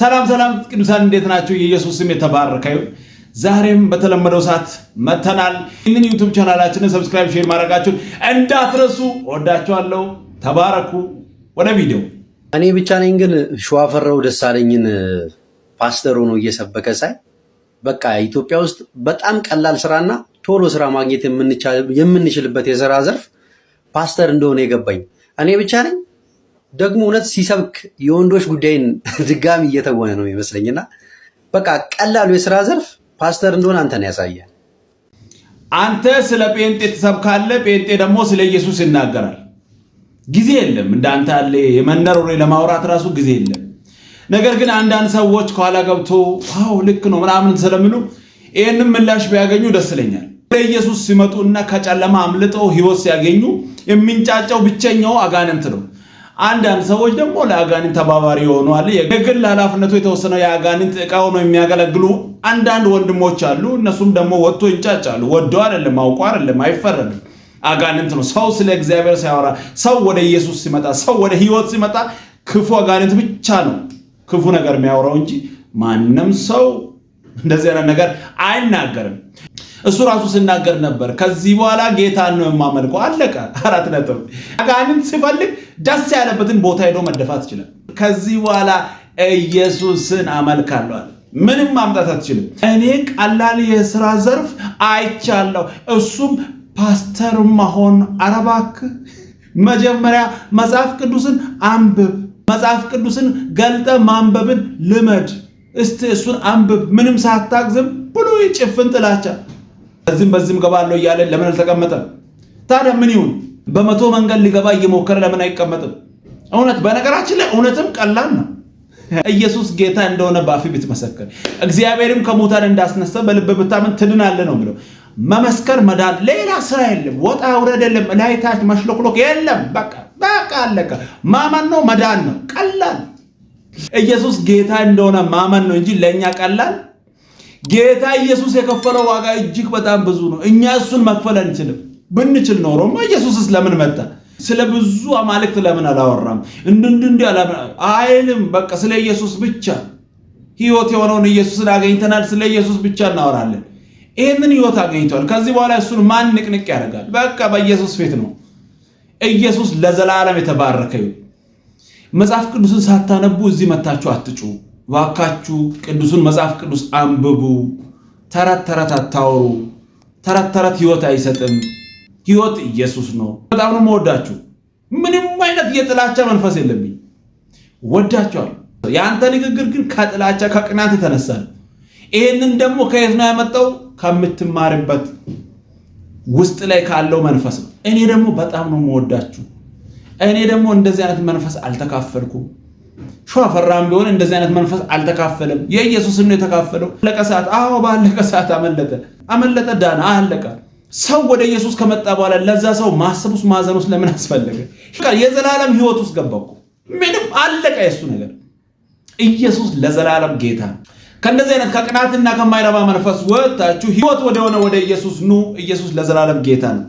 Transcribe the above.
ሰላም ሰላም ቅዱሳን እንዴት ናቸው? የኢየሱስ ስም የተባረከ ይሁን። ዛሬም በተለመደው ሰዓት መተናል። ይህንን ዩቱብ ቻናላችንን ሰብስክራይብ፣ ሼር ማድረጋችሁን እንዳትረሱ። ወዳችኋለሁ። ተባረኩ። ወደ ቪዲዮ። እኔ ብቻ ነኝ ግን ሸዋፈራው ደሳለኝን ፓስተር ሆኖ እየሰበከ ሳይ በቃ ኢትዮጵያ ውስጥ በጣም ቀላል ስራና ቶሎ ስራ ማግኘት የምንችልበት የስራ ዘርፍ ፓስተር እንደሆነ የገባኝ እኔ ብቻ ነኝ ደግሞ እውነት ሲሰብክ የወንዶች ጉዳይን ድጋሚ እየተወነ ነው ይመስለኝና በቃ ቀላሉ የስራ ዘርፍ ፓስተር እንደሆነ አንተ ነው ያሳያል። አንተ ስለ ጴንጤ ትሰብካለህ፣ ጴንጤ ደግሞ ስለ ኢየሱስ ይናገራል። ጊዜ የለም። እንዳንተ አንተ ያለ የመነር ወሬ ለማውራት ራሱ ጊዜ የለም። ነገር ግን አንዳንድ ሰዎች ከኋላ ገብቶ ው ልክ ነው ምናምን ስለሚሉ ይህንም ምላሽ ቢያገኙ ደስ ይለኛል። ወደ ኢየሱስ ሲመጡና ከጨለማ አምልጠው ህይወት ሲያገኙ የሚንጫጨው ብቸኛው አጋንንት ነው። አንዳንድ ሰዎች ደግሞ ለአጋንንት ተባባሪ የሆኑ አለ የግል ኃላፊነቱ የተወሰነው የአጋንንት ዕቃ ሆነው የሚያገለግሉ አንዳንድ ወንድሞች አሉ። እነሱም ደግሞ ወጥቶ ይንጫጫሉ። ወዶ አይደለም አውቆ አይደለም አይፈረድም። አጋንንት ነው። ሰው ስለ እግዚአብሔር ሲያወራ፣ ሰው ወደ ኢየሱስ ሲመጣ፣ ሰው ወደ ህይወት ሲመጣ ክፉ አጋንንት ብቻ ነው ክፉ ነገር የሚያወራው እንጂ ማንም ሰው እንደዚህ አይነት ነገር አይናገርም። እሱ ራሱ ስናገር ነበር። ከዚህ በኋላ ጌታን ነው የማመልከው። አለቀ። አራት ነጥብ። አጋንንት ሲፈልግ ደስ ያለበትን ቦታ ሄዶ መደፋት ይችላል። ከዚህ በኋላ ኢየሱስን አመልካለሁ ምንም ማምጣት አትችልም። እኔ ቀላል የስራ ዘርፍ አይቻለሁ፣ እሱም ፓስተር መሆን። ኧረ እባክህ መጀመሪያ መጽሐፍ ቅዱስን አንብብ። መጽሐፍ ቅዱስን ገልጠ ማንበብን ልመድ። እስቲ እሱን አንብብ። ምንም ሳታግዝም ብሉይ ጭፍን ጥላቻ በዚህም በዚህም ገባለሁ እያለ ለምን አልተቀመጠም? ታዲያ ምን ይሁን? በመቶ መንገድ ሊገባ እየሞከረ ለምን አይቀመጥም? እውነት በነገራችን ላይ እውነትም ቀላል ነው። ኢየሱስ ጌታ እንደሆነ በአፍ ብትመሰክር እግዚአብሔርም ከሙታን እንዳስነሳ በልብ ብታምን ትድናለህ ነው የሚለው። መመስከር መዳን፣ ሌላ ስራ የለም። ወጣ ውረድ የለም። ላይ ታች መሽሎክሎክ የለም። በቃ በቃ አለቀ። ማመን ነው መዳን ነው። ቀላል ኢየሱስ ጌታ እንደሆነ ማመን ነው እንጂ ለእኛ ቀላል ጌታ ኢየሱስ የከፈለው ዋጋ እጅግ በጣም ብዙ ነው። እኛ እሱን መክፈል አንችልም። ብንችል ኖሮማ ኢየሱስስ ለምን መጣ? ስለ ብዙ አማልክት ለምን አላወራም? እንዲ አይልም። በቃ ስለ ኢየሱስ ብቻ ህይወት የሆነውን ኢየሱስን አገኝተናል። ስለ ኢየሱስ ብቻ እናወራለን። ይህንን ህይወት አገኝተዋል። ከዚህ በኋላ እሱን ማን ንቅንቅ ያደርጋል? በቃ በኢየሱስ ፊት ነው። ኢየሱስ ለዘላለም የተባረከ ይሁን። መጽሐፍ ቅዱስን ሳታነቡ እዚህ መታችሁ አትጩ። ዋካችሁ ቅዱሱን መጽሐፍ ቅዱስ አንብቡ። ተረት ተረት አታውሩ። ተረት ተረት ህይወት አይሰጥም። ህይወት ኢየሱስ ነው። በጣም ነው መወዳችሁ። ምንም አይነት የጥላቻ መንፈስ የለብኝ። ወዳቸዋል። የአንተ ንግግር ግን ከጥላቻ ከቅናት የተነሳ ነው። ይህንን ደግሞ ከየት ነው ያመጣው? ከምትማርበት ውስጥ ላይ ካለው መንፈስ ነው። እኔ ደግሞ በጣም ነው መወዳችሁ። እኔ ደግሞ እንደዚህ አይነት መንፈስ አልተካፈልኩም። ሸፈራም ቢሆን እንደዚህ አይነት መንፈስ አልተካፈለም። የኢየሱስም ነው የተካፈለው። አለቀ ሰዓት። አዎ ባለቀ ሰዓት አመለጠ፣ አመለጠ፣ ዳነ፣ አለቀ። ሰው ወደ ኢየሱስ ከመጣ በኋላ ለዛ ሰው ማሰብ ውስጥ ማዘን ውስጥ ለምን አስፈለገ? የዘላለም ህይወት ውስጥ ገባ እኮ ምንም አለቀ። የሱ ነገር ኢየሱስ ለዘላለም ጌታ ነው። ከእንደዚህ አይነት ከቅናትና ከማይረባ መንፈስ ወጥታችሁ ህይወት ወደሆነ ወደ ኢየሱስ ኑ። ኢየሱስ ለዘላለም ጌታ ነው።